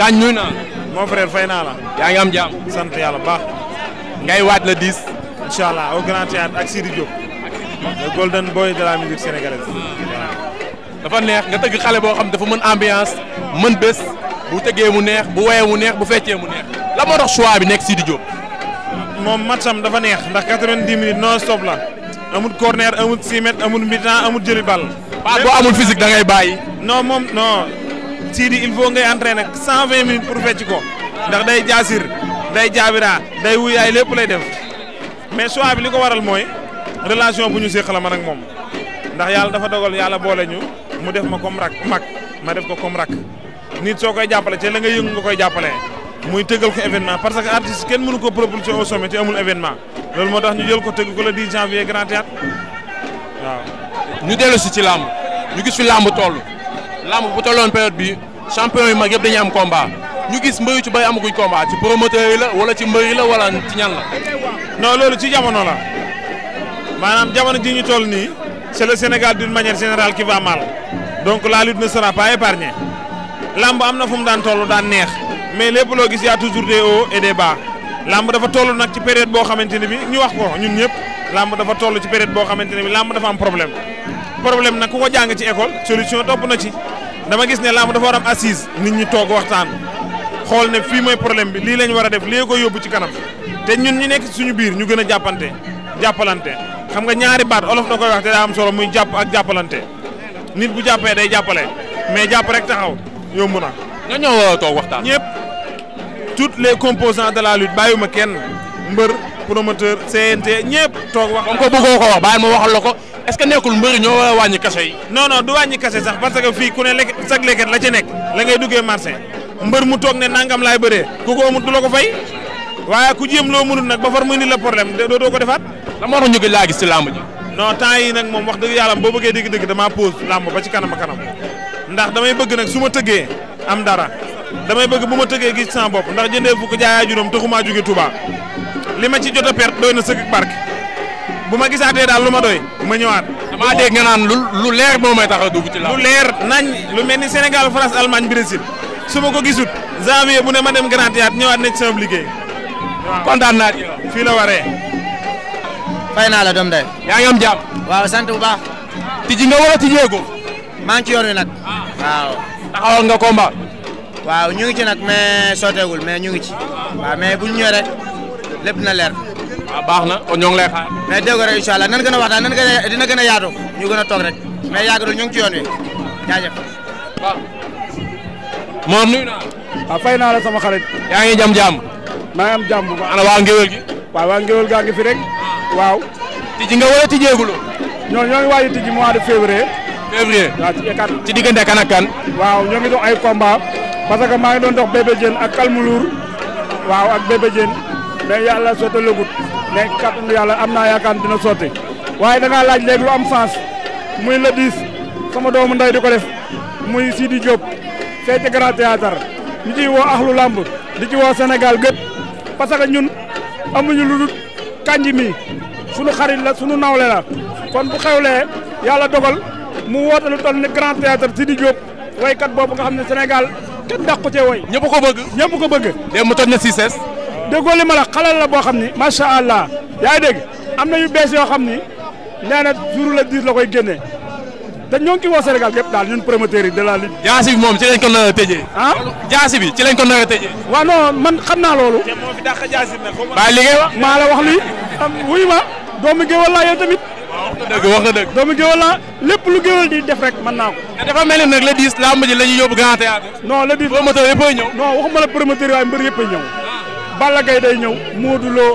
kañ nuyu naa mon frère fay naa la. yaa ngi am jàmm. sant yàlla baax. ngay waaj la diis. incha aw au Grand Théâtre ak Sidi Diop. le golden boy de la musique ah. dafa neex nga tëgg xale boo xam dafa mën ambiance mën bés bu tëggee mu neex bu woyee mu neex bu feccee mu neex la moo tax bi nekk Sidi Diop. moom matcham dafa neex ndax 90 minutes non stop la amul corner amul 6 mètres amul mi-temps amul jëli ball. boo amul physique da ngay bàyyi. non moom non. Sidi il faut ngay entraîner cent vingt minutes pour fecc ko ndax day jaasir day jaabira day wuyaay lépp lay def mais choix bi li ko waral mooy relation bu ñu séq la man ak moom ndax yàlla dafa dogal yàlla boole ñu mu def ma kom rak mag ma def ko kom rak nit soo koy jàppale te la nga yëngu nga koy jàppale muy tëggal ko événement parce que artiste kenn mënu ko propulser au sommet te amul événement loolu moo tax ñu jël ko tëgg ko le 10 janvier Grand Théâtre waaw. ñu dellu si ci làmb ñu gis fi làmb toll. lamb bu tolloon période bi champion ma mag yëpp dañuy am combat ñu gis mbëri ci bay amaguñ combat ci promoteur yi la wala ci yi la wala ci ñan la. non loolu ci jamono la maanaam jamono ji ñu toll nii c'est le Sénégal d'une manière générale qui va mal donc la lutte ne sera pas épargnée lamb am na fu mu daan toll daan neex mais lépp loo gis y a toujours des hauts et des bas lamb dafa toll nag ci période boo xamante ne bi ñu wax ko ñun ñëpp lamb dafa toll ci période boo xamante ne bi lamb dafa am problème problème nag ku ko jàng ci école solution topp na ci. dama gis ne làmb dafa war am assise nit ñi toog waxtaan xool ne fii mooy problème bi lii lañ war a def lii ko yóbbu ci kanam te ñun ñu nekk suñu biir ñu gën a jàppante jàppalante xam nga ñaari baat olof da koy wax te daa am solo muy jàpp ak jàppalante nit bu jàppee day jàppale mais jàpp rek taxaw yomb na. nga ñëw toog waxtaan. ñëpp toutes les composant de la lutte bàyyiwuma kenn mbër promoteur CNT ñëpp toog wax. kon ko bëggoo ko wax bàyyi ma waxal la ko. est-ce que nekkul mbëri ñoo war a wàññi kase yi. non non du wàññi kase sax parce que ku ne lekk sag lekket la ci nekk la ngay duggee marché mbër mu toog ne nangam laay bëree ku ko amut du la ko fay waaye ku jéem loo mënul nag ba far muy ni la problème doo doo ko defaat. la moo tax ñu laa gis si lamb ji. non temps yi nag moom wax dëgg yàlla boo bëggee dëgg-dëgg damaa pause làmb ba ci kanam a kanam ndax damay bëgg nag su ma tëggee am dara damay bëgg bu ma tëggee gis sama bopp ndax jëndee fukk jaayaa juróom taxumaa jóge Touba li ma ci jot a perte na sëkk barke bu ma gisaatee daal lu ma doy ma ñëwaat. damaa dégg nga naan lu lu leer moo may tax a la. lu leer nañ lu mel ni Sénégal France Allemagne Brésil su ma ko gisut janvier bu ne ma dem Grand Théâtre ñëwaat na ci sama liggéey. waaw naa fii la waree. fay naa la doom day. yaa ngi am jàmm. waaw sant bu baax. tijji nga war a ko. maa ngi ci yoon wi ah. waaw. taxawal nga combat. waaw ñu ngi ci nag mais sooteegul mais ñu ngi ci. waaw mais bu ñu ñëwee na leer. waaw ah, baax na kon ñoo ngi lay xaar. mais rek incha allah nan gën a nan gën a dina gën a ñu gën a toog rek mais yàggadul ñu ngi ci yoon wi jaajëf. waaw. moom nuyu naa la. waaw ah, fay naa la sama xarit. yaa ngi jam jàmm. maa ngi am jàmm bu baax. ana waa ngéwél gi. waaw waa ngéwél gaa ngi fi ah. waaw. tijji nga wala tijjeeguloo. ñoo ñoo ngi waaj a tijji mois de février. février waaw ci ci diggante kan ak waaw ñoo ngi dox ay combat parce que maa ngi doon dox bébé ak Kalmoulour waaw ak bébé Diène mais yàlla sottalagut léegi kàttanu yàlla am naa yaakaar dina sotti waaye da laaj léegi am sens muy le 10 sama doomu nday di ko def muy Sidi Diop fee ci Grand Théâtre ñu ciy woo axlu lamb di ci woo Sénégal gëpp parce que ñun amuñu lu dul kanji mi sunu xarit la sunu nawle la kon bu xewlee yàlla dogal mu woote lu toll ni Grand Théâtre Sidi Diop waykat boobu nga xam ne Sénégal kenn dàq ko cee way ñëpp ko bëgg ñëpp ko bëgg. dem mu toj na 6 déggoo ma la xalal la boo xam ni macha allah yaa ngi am na yu bees yoo xam ni nee na la diis la koy génne te ñoo ngi ciy woo Sénégal gépp daal ñun promoteurs yi de la lutte. jaasi moom ci lañ ko nar a tëjee. ah jaasi bi ci lañ ko nar a tëjee. waaw non man xam naa loolu. te moo fi dàq jaasi bi nag. bàyyi liggéey wax maa la wax lii. wuyu ma doomu géwal laa yow tamit. wax nga dëgg wax nga dëgg. doomu géwal laa lépp lu géwal di def rek man naa ko. te dafa mel ni nag le 10 làmb ji la ñuy yóbbu Grand Théâtre. non ñëw. non waxuma la promoteur waaye yëpp ay ñëw Balla Gaye day ñëw Modou Lo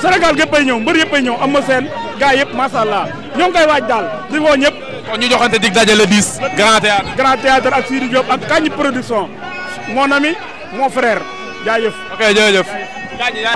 Sénégal gépp ay ñëw mbër yëpp ay ñëw am ma seen gars yëpp macha allah ñoo ngi koy waaj daal di woo ñëpp. kon ñu joxante dig daje le 10. Grand Théâtre Grand Théâtre ak Sidi Diop Kañ Production mon ami mon frère jaajëf. ok